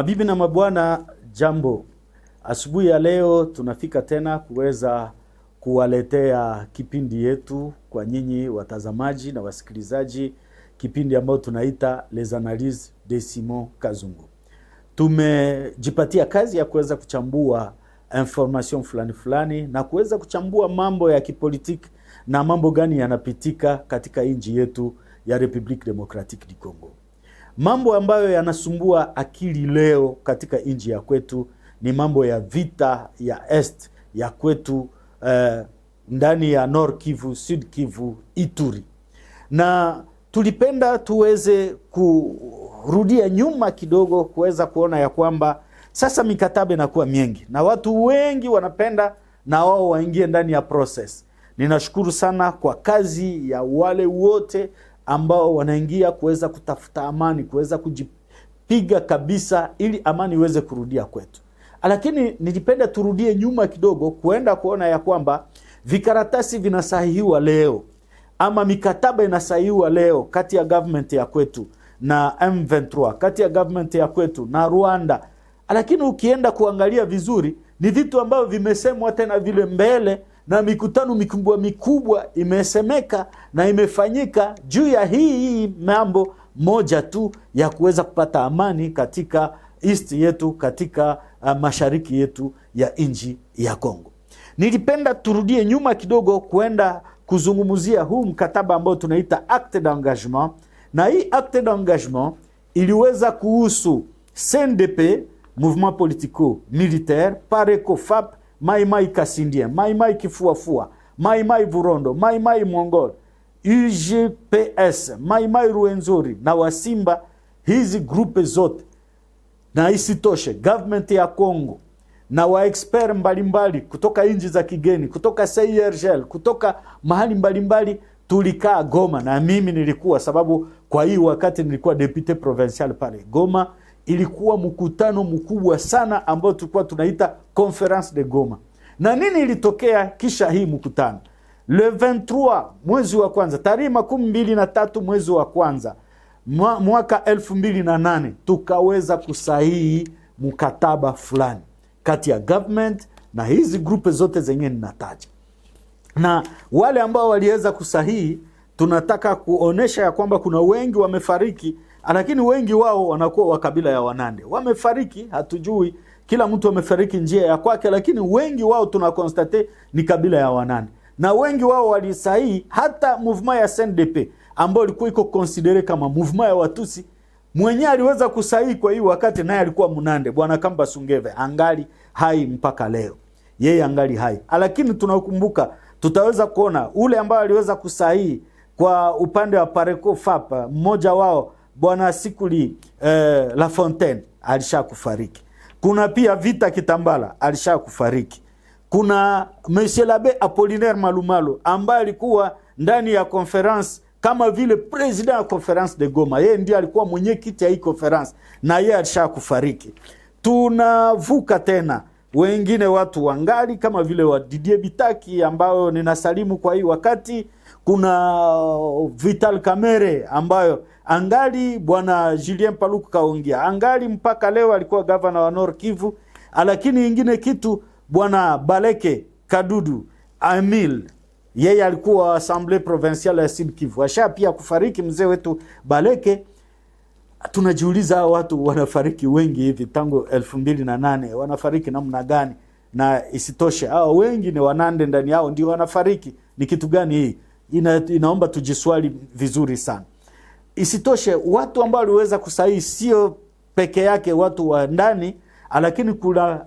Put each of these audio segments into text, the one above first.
Mabibi na mabwana, jambo. Asubuhi ya leo tunafika tena kuweza kuwaletea kipindi yetu kwa nyinyi watazamaji na wasikilizaji, kipindi ambayo tunaita Les Analyses de Simon Kazungu. Tumejipatia kazi ya kuweza kuchambua information fulani fulani na kuweza kuchambua mambo ya kipolitiki na mambo gani yanapitika katika nchi yetu ya Republique Democratique du Congo. Mambo ambayo yanasumbua akili leo katika nchi ya kwetu ni mambo ya vita ya est ya kwetu eh, ndani ya Nord Kivu, Sud Kivu, Ituri, na tulipenda tuweze kurudia nyuma kidogo kuweza kuona ya kwamba sasa mikataba inakuwa mingi na watu wengi wanapenda na wao waingie ndani ya process. Ninashukuru sana kwa kazi ya wale wote ambao wanaingia kuweza kutafuta amani, kuweza kujipiga kabisa, ili amani iweze kurudia kwetu. Lakini nilipenda turudie nyuma kidogo, kuenda kuona ya kwamba vikaratasi vinasahihiwa leo ama mikataba inasahihiwa leo kati ya government ya kwetu na M23, kati ya government ya kwetu na Rwanda, lakini ukienda kuangalia vizuri ni vitu ambavyo vimesemwa tena vile mbele na mikutano mikubwa mikubwa imesemeka na imefanyika juu ya hii mambo moja tu ya kuweza kupata amani katika East yetu katika uh, mashariki yetu ya nchi ya Kongo. Nilipenda turudie nyuma kidogo kuenda kuzungumzia huu mkataba ambao tunaita acte d'engagement, na hii acte d'engagement iliweza kuhusu CNDP, mouvement politico militaire, Pareco, FAP maimai kasindie maimai kifuafua maimai vurondo maimai mwongol UGPS maimai ruenzori na wasimba hizi grupe zote na isitoshe government ya Kongo na waexpert mbalimbali kutoka inji za kigeni kutoka CIRGL e kutoka mahali mbalimbali mbali, tulikaa Goma na mimi nilikuwa sababu, kwa hii wakati nilikuwa depute provincial pale Goma ilikuwa mkutano mkubwa sana ambao tulikuwa tunaita Conference de Goma. Na nini ilitokea kisha hii mkutano? Le 23 mwezi wa kwanza, tarehe makumi mbili na tatu mwezi wa kwanza mwaka elfu mbili na nane tukaweza kusahihi mkataba fulani kati ya government na hizi grupe zote zenye ninataja, na wale ambao waliweza kusahihi, tunataka kuonesha ya kwamba kuna wengi wamefariki Ah, lakini wengi wao wanakuwa wa kabila ya Wanande, wamefariki hatujui, kila mtu amefariki njia ya kwake, lakini wengi wao tunakonstate ni kabila ya Wanande, na wengi wao walisahii hata movement ya CNDP ambayo ilikuwa iko considere kama movement ya Watusi mwenye aliweza kusahii kwa hiyo wakati naye alikuwa Munande, bwana Kamba Sungeve angali hai mpaka leo, yeye angali hai. Ah, lakini tunakumbuka tutaweza kuona ule ambaye aliweza kusahii kwa upande wa Pareco Fapa, mmoja wao Bwana Sikuli eh, La Fontaine alishakufariki. Kuna pia Vita Kitambala alishakufariki. Kuna Monsieur Labe Apollinaire Malumalu ambaye alikuwa ndani ya conference kama vile president ya conference de Goma, yeye ndiye alikuwa mwenyekiti ya hii conference na yeye alishakufariki. Tunavuka tena wengine watu wangali kama vile wa Didier Bitaki ambayo ninasalimu kwa hii wakati. Kuna Vital Kamere ambayo angali bwana Julien Paluku kaongea, angali mpaka leo alikuwa gavana wa Nord Kivu. Lakini ingine kitu bwana Baleke Kadudu Amil yeye alikuwa Assemblee Provinciale ya Sud Kivu, asha pia kufariki mzee wetu Baleke. Tunajiuliza watu wanafariki wengi hivi tangu elfu mbili na nane wanafariki namna gani? Na isitoshe hao wengi ni Wanande, ndani yao ndio wanafariki. Ni kitu gani hii? Ina, inaomba tujiswali vizuri sana. Isitoshe, watu ambao waliweza kusahihi sio peke yake watu wa ndani, lakini kuna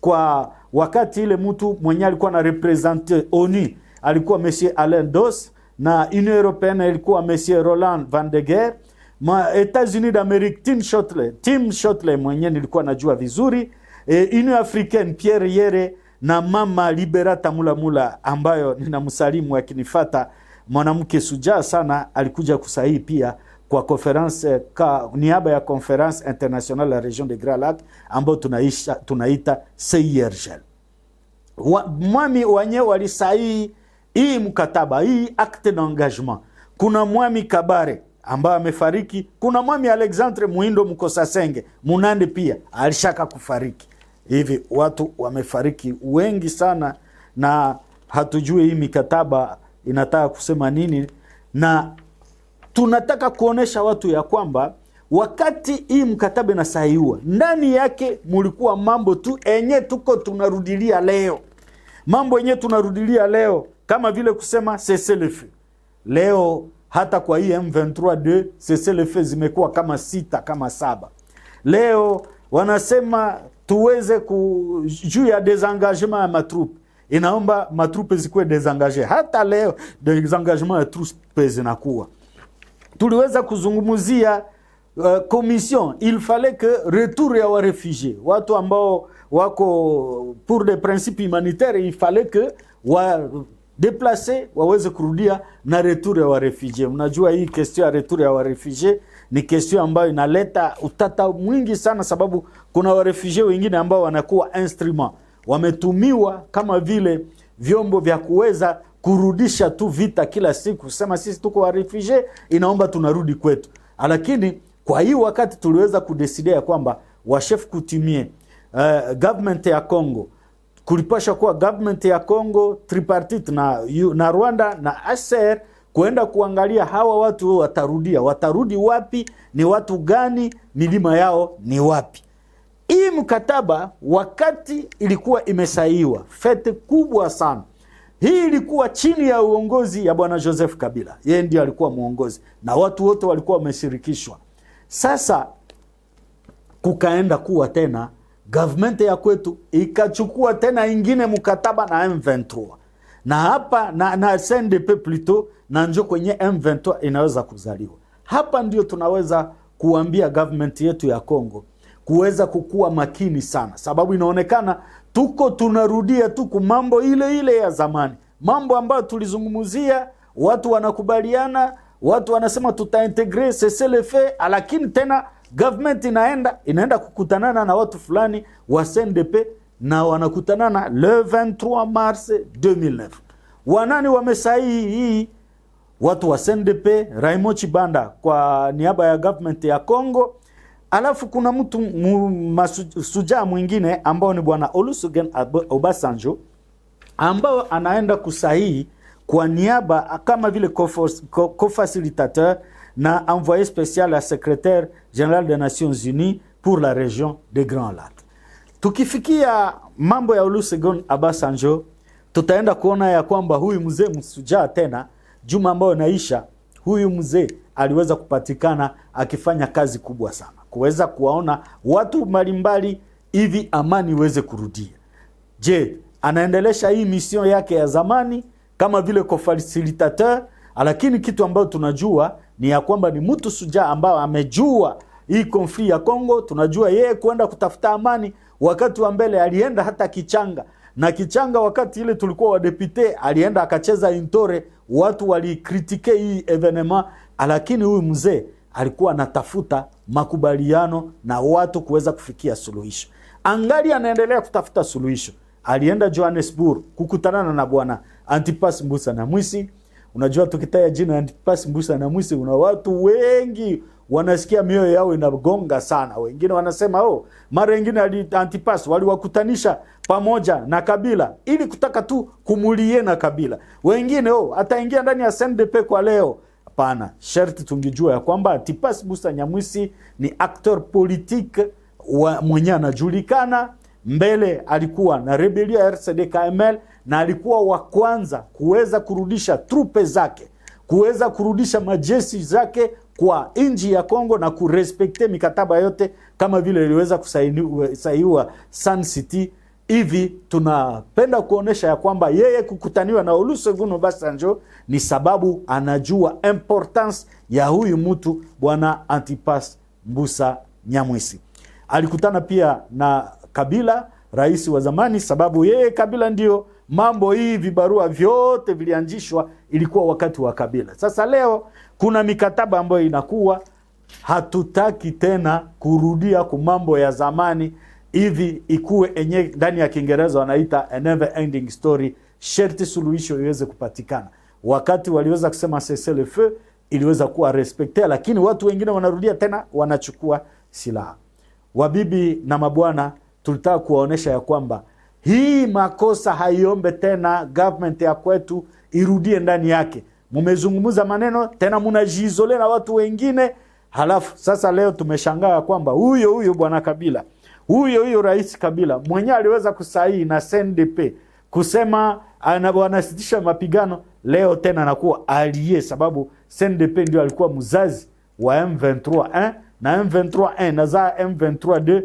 kwa wakati ile mtu mwenye alikuwa na represente ONU alikuwa Monsieur Alain Dos na Union Européenne ilikuwa Monsieur Roland Van de Geer ma Etats-Unis d'Amérique Tim Shotley, Tim Shotley mwenye nilikuwa najua vizuri e, Union Africaine Pierre Yere na mama Liberata Mulamula ambayo ninamsalimu akinifata mwanamke sujaa sana alikuja kusahii pia kwa conference eh, ka niaba ya Conference Internationale la Region de Grand Lac ambayo tunaisha tunaita Seyergel. Wa, mwami wanye walisahii hii mkataba hii acte d'engagement. Kuna mwami Kabare ambaye amefariki, kuna mwami Alexandre Muindo Mkosasenge Munande pia alishaka kufariki. Hivi watu wamefariki wengi sana na hatujui hii mikataba inataka kusema nini, na tunataka kuonesha watu ya kwamba wakati hii mkataba inasahiwa ndani yake mulikuwa mambo tu enye tuko tunarudilia leo, mambo yenye tunarudilia leo kama vile kusema cclf leo. Hata kwa hii M23 de cclf zimekuwa kama sita kama saba. Leo wanasema tuweze ku juu ya desengagement ya matrupe inaomba matrupe zikuwe desengage. Hata leo desengagement ya trupe zinakuwa. Tuliweza kuzungumzia uh, commission il fallait que retour ya wa refugee watu ambao wako pour des principes humanitaires il fallait que wa deplace waweze kurudia na retour ya wa refugee. Mnajua hii question ya retour ya wa refugee ni kestion ambayo inaleta utata mwingi sana, sababu kuna warefugee wengine ambao wanakuwa instrument wametumiwa kama vile vyombo vya kuweza kurudisha tu vita kila siku, sema sisi tuko wa refugee, inaomba tunarudi kwetu. Lakini kwa hii wakati tuliweza kudesidia ya kwamba washef kutimie uh, government ya Congo kulipasha kuwa government ya Congo tripartite na, na Rwanda na ACR kuenda kuangalia hawa watu watarudia, watarudi wapi, ni watu gani, milima yao ni wapi. Hii mkataba wakati ilikuwa imesaiwa fete kubwa sana hii ilikuwa chini ya uongozi ya bwana Joseph Kabila, yeye ndiye alikuwa mwongozi na watu wote walikuwa wameshirikishwa. Sasa kukaenda kuwa tena government ya kwetu ikachukua tena ingine mkataba na M23 na hapa na, na CNDP plutôt na njo kwenye M23 inaweza kuzaliwa hapa. Ndio tunaweza kuambia government yetu ya Kongo kuweza kukuwa makini sana, sababu inaonekana tuko tunarudia tu ku mambo ile ile ya zamani, mambo ambayo tulizungumzia, watu wanakubaliana, watu wanasema tutaintegre seselefe, lakini tena government inaenda inaenda kukutanana na watu fulani wa CNDP na wanakutanana le 23 mars 2009 wanani wamesahihi hii watu wa CNDP, Raymond Chibanda kwa niaba ya government ya Congo Alafu kuna mtu masujaa mwingine ambao ni bwana Olusegun Obasanjo ambao anaenda kusahihi kwa niaba kama vile co-facilitateur na envoyé spécial ya secrétaire général des Nations Unies pour la région des Grands Lacs. Tukifikia mambo ya Olusegun Obasanjo, tutaenda kuona ya kwamba huyu mzee msujaa tena, juma ambayo naisha, huyu mzee aliweza kupatikana akifanya kazi kubwa sana kuweza kuwaona watu mbalimbali hivi amani iweze kurudia. Je, anaendelesha hii misio yake ya zamani kama vile facilitateur, lakini kitu ambayo tunajua ni ya kwamba ni mtu sujaa ambayo amejua hii konfli ya Kongo. Tunajua yeye kuenda kutafuta amani, wakati wa mbele alienda hata Kichanga na Kichanga, wakati ile tulikuwa wadepute, alienda akacheza Intore, watu walikritike hii evenema, lakini huyu mzee alikuwa anatafuta makubaliano na watu kuweza kufikia suluhisho. Angali anaendelea kutafuta suluhisho. Alienda Johannesburg kukutana na bwana Antipas Mbusa na Mwisi. Unajua, tukitaya jina Antipas Mbusa na Mwisi, una watu wengi wanasikia mioyo yao inagonga sana. Wengine wanasema oh, mara nyingine Antipas waliwakutanisha pamoja na Kabila ili kutaka tu kumulie na Kabila. Wengine oh, ataingia ndani ya SNDP kwa leo Hapana, sharti tungejua ya kwamba Tipas Musa Nyamwisi ni acteur politique mwenye anajulikana mbele alikuwa na rebelia ya RCD KML na alikuwa wa kwanza kuweza kurudisha trupe zake, kuweza kurudisha majeshi zake kwa nchi ya Kongo na kurespekte mikataba yote kama vile iliweza kusainiwa eh, Sun City hivi tunapenda kuonesha ya kwamba yeye kukutaniwa na Olusegun Obasanjo ni sababu anajua importance ya huyu mtu bwana Antipas Mbusa Nyamwisi. Alikutana pia na Kabila, rais wa zamani, sababu yeye Kabila ndio mambo hii vibarua vyote vilianzishwa, ilikuwa wakati wa Kabila. Sasa leo kuna mikataba ambayo inakuwa hatutaki tena kurudia kumambo mambo ya zamani hivi ikuwe enye ndani ya Kiingereza wanaita a never ending story. Sherti suluhisho iweze kupatikana. Wakati waliweza kusema cessez le feu iliweza kuwa respektea, lakini watu wengine wanarudia tena wanachukua silaha. Wabibi na mabwana, tulitaka kuwaonesha ya kwamba hii makosa haiombe tena government ya kwetu irudie ndani yake. Mumezungumza maneno tena munajiizole na watu wengine, halafu sasa leo tumeshangaa ya kwamba huyo huyo bwana Kabila huyo huyo Rais Kabila mwenyewe aliweza kusaini na CNDP kusema wanasitisha mapigano leo tena anakuwa aliye, sababu CNDP ndio alikuwa mzazi wa M23 eh? na M23 eh, nazaa M23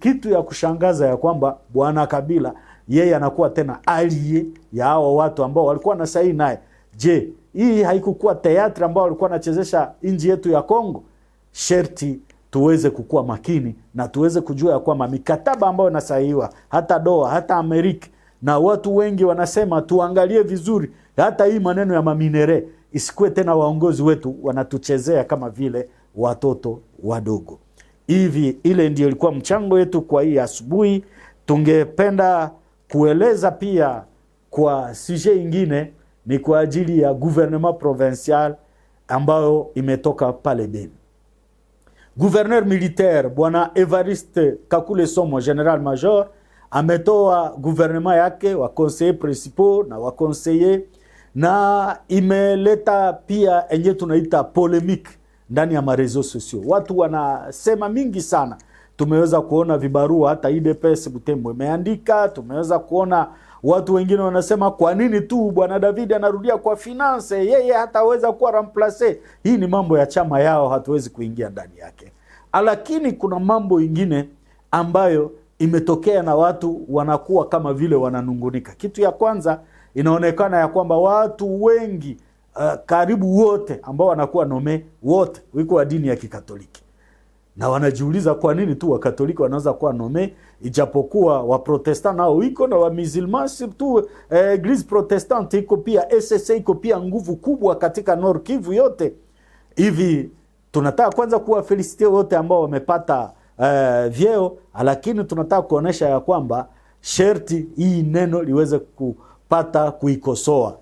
kitu ya kushangaza ya kwamba bwana Kabila yeye anakuwa tena aliye ya hao watu ambao walikuwa na saini naye. Je, hii haikukuwa teatri ambao walikuwa wanachezesha nchi yetu ya Kongo? Sherti tuweze kukuwa makini na tuweze kujua ya kwamba mikataba ambayo inasahiwa hata Doha hata Amerika na watu wengi wanasema tuangalie vizuri hata hii maneno ya maminere isikuwe tena waongozi wetu wanatuchezea kama vile watoto wadogo hivi. Ile ndio ilikuwa mchango wetu kwa hii asubuhi. Tungependa kueleza pia kwa suje ingine ni kwa ajili ya gouvernement provincial ambayo imetoka pale Beni. Gouverneur militaire bwana Evariste Kakule Somo, general major, ametoa gouvernement yake wakonseye principal na wakonseye, na imeleta pia enye tunaita polemique ndani ya marezo sociaux Watu wanasema mingi sana, tumeweza kuona vibarua hata idps Butembo imeandika, tumeweza kuona Watu wengine wanasema kwa nini tu bwana davidi anarudia kwa finance, yeye hataweza kuwa ramplace. Hii ni mambo ya chama yao, hatuwezi kuingia ndani yake. Lakini kuna mambo ingine ambayo imetokea na watu wanakuwa kama vile wananungunika. Kitu ya kwanza, inaonekana ya kwamba watu wengi uh, karibu wote ambao wanakuwa nome wote wiko wa dini ya Kikatoliki na wanajiuliza kwa nini tu Wakatoliki wanaweza kuwa nome, ijapokuwa Waprotestant nao iko na Wamisilmasi tu eh, eglise protestante iko pia, SSA iko pia nguvu kubwa katika Nord Kivu yote. Hivi tunataka kwanza kuwa felisite wote ambao wamepata eh, vyeo, lakini tunataka kuonyesha ya kwamba sherti hii neno liweze kupata kuikosoa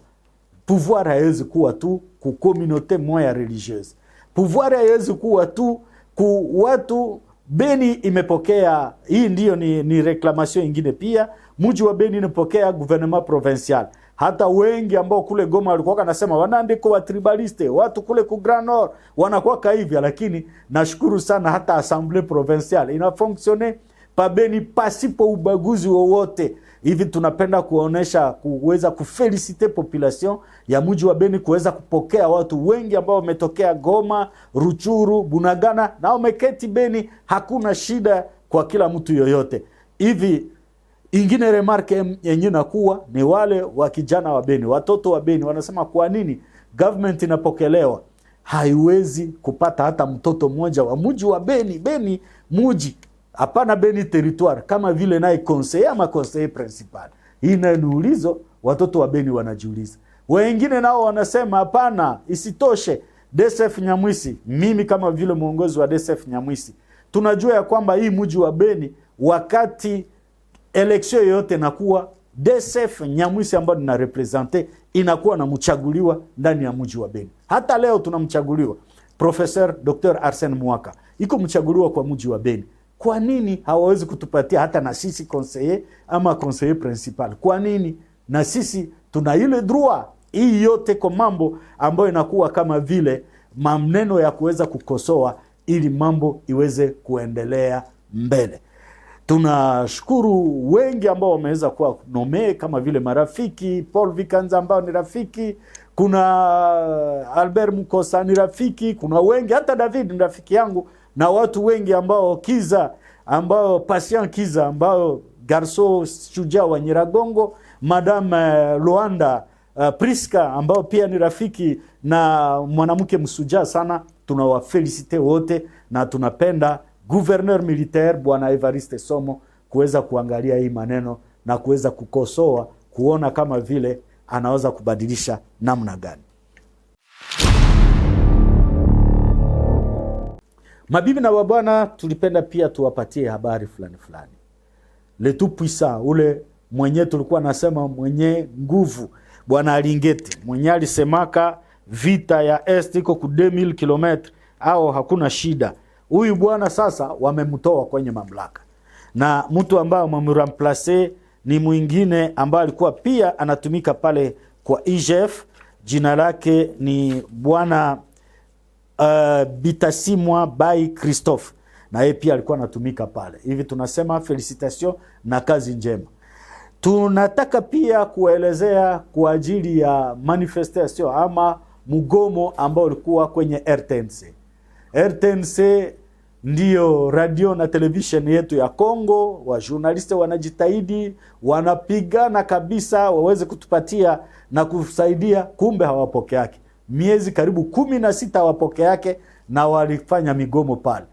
pouvoir. Haiwezi kuwa tu ku communauté moya religieuse, pouvoir haiwezi kuwa tu ku watu Beni imepokea hii, ndiyo ni, ni reclamation ingine pia. Mji wa Beni inapokea gouvernement provincial. Hata wengi ambao kule Goma walikuwa wanasema wanaandiko wa tribaliste, watu kule ku Grand Nord wanakuwa hivyo, lakini nashukuru sana hata assemblee provinciale ina fonctionner pa Beni pasipo ubaguzi wowote hivi tunapenda kuonesha kuweza kufelicite population ya mji wa Beni kuweza kupokea watu wengi ambao wametokea Goma, Ruchuru, Bunagana na wameketi Beni, hakuna shida kwa kila mtu yoyote. Hivi ingine remarke yenye nakuwa ni wale wa kijana wa Beni, watoto wa Beni wanasema kwa nini government inapokelewa haiwezi kupata hata mtoto mmoja wa mji wa Beni? Beni mji hapana Beni territoire kama vile naye conseiller ama conseiller principal. Hii naye ni ulizo watoto wa Beni wanajiuliza. Wengine nao wanasema hapana, isitoshe DSF Nyamwisi, mimi kama vile mwongozi wa DSF Nyamwisi, tunajua ya kwamba hii mji wa Beni wakati eleksio yoyote inakuwa DSF Nyamwisi ambayo nina represente inakuwa na mchaguliwa ndani ya mji wa Beni. Hata leo tunamchaguliwa Professor Dr. Arsene Mwaka iko mchaguliwa kwa mji wa Beni. Kwa nini hawawezi kutupatia hata na sisi conseiller ama conseiller principal? Kwa nini na sisi tuna ile droit hii yote, kwa mambo ambayo inakuwa kama vile maneno ya kuweza kukosoa ili mambo iweze kuendelea mbele. Tunashukuru wengi ambao wameweza kuwa nomee kama vile marafiki Paul Vikanza ambao ni rafiki, kuna Albert Mkosa ni rafiki, kuna wengi hata David ni rafiki yangu na watu wengi ambao Kiza, ambao Patient Kiza, ambao Garso Shujaa wa Nyiragongo, Madame uh, Luanda uh, Priska ambao pia ni rafiki na mwanamke msujaa sana. tunawafelicite wote na tunapenda gouverneur militaire Bwana Evariste Somo kuweza kuangalia hii maneno na kuweza kukosoa kuona kama vile anaweza kubadilisha namna gani. Mabibi na wabwana tulipenda pia tuwapatie habari fulani fulani. Le tout puissant, ule mwenye tulikuwa nasema mwenye nguvu, bwana alingeti mwenye alisemaka vita ya est iko ku 2000 km au hakuna shida. Huyu bwana sasa wamemtoa kwenye mamlaka, na mtu ambaye wamemramplace ni mwingine ambaye alikuwa pia anatumika pale kwa IGF, jina lake ni bwana uh, Bitasimwa by Christophe na yeye pia alikuwa anatumika pale. Hivi tunasema felicitation na kazi njema. Tunataka pia kuelezea kwa ajili ya manifestation ama mgomo ambao ulikuwa kwenye RTNC. RTNC ndiyo radio na television yetu ya Kongo. Wajournaliste wanajitahidi, wanapigana kabisa waweze kutupatia na kusaidia, kumbe hawapokeake miezi karibu kumi na sita wapoke yake na walifanya migomo pale.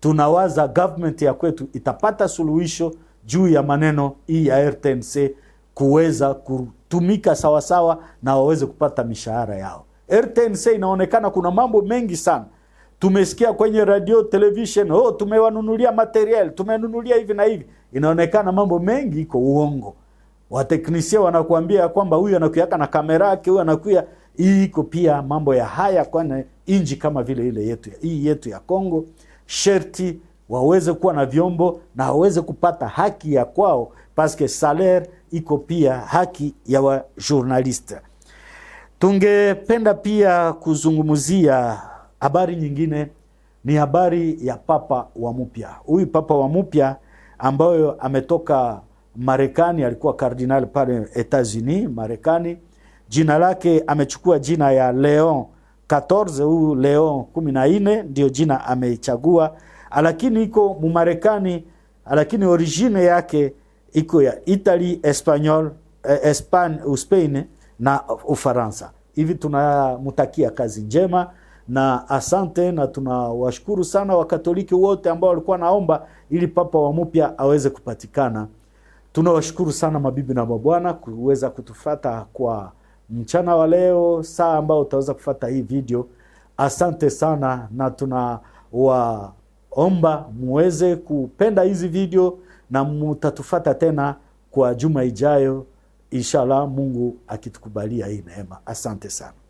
Tunawaza government ya kwetu itapata suluhisho juu ya maneno hii ya RTNC kuweza kutumika sawasawa na waweze kupata mishahara yao. RTNC inaonekana kuna mambo mengi sana tumesikia kwenye radio television, oh, tumewanunulia materiel, tumenunulia hivi na hivi. Inaonekana mambo mengi iko uongo. Wateknisia wanakuambia kwamba huyu anakuaka na kamera yake, huyu anakuya iko pia mambo ya haya, kwani inji kama vile ile yetu hii yetu ya Kongo sherti waweze kuwa na vyombo na waweze kupata haki ya kwao, paske salaire iko pia haki ya wa Tungependa pia kuzungumzia habari nyingine, ni habari ya papa wa mpya. Huyu papa wa mpya ambayo ametoka Marekani, alikuwa kardinal pale Etats-Unis Marekani jina lake amechukua jina ya Leon 14. huu Leon 14 ndio jina ameichagua, lakini iko Mumarekani, lakini origine yake iko ya Italy, Espanyol, eh, Espan, Spain na Ufaransa. Hivi tunamtakia kazi njema na asante, na tunawashukuru sana Wakatoliki wote ambao walikuwa naomba ili papa wa mpya aweze kupatikana. Tunawashukuru sana mabibi na mabwana kuweza kutufata kwa mchana wa leo, saa ambayo utaweza kufata hii video. Asante sana, na tunawaomba muweze kupenda hizi video na mutatufata tena kwa juma ijayo, inshallah, Mungu akitukubalia hii neema. Asante sana.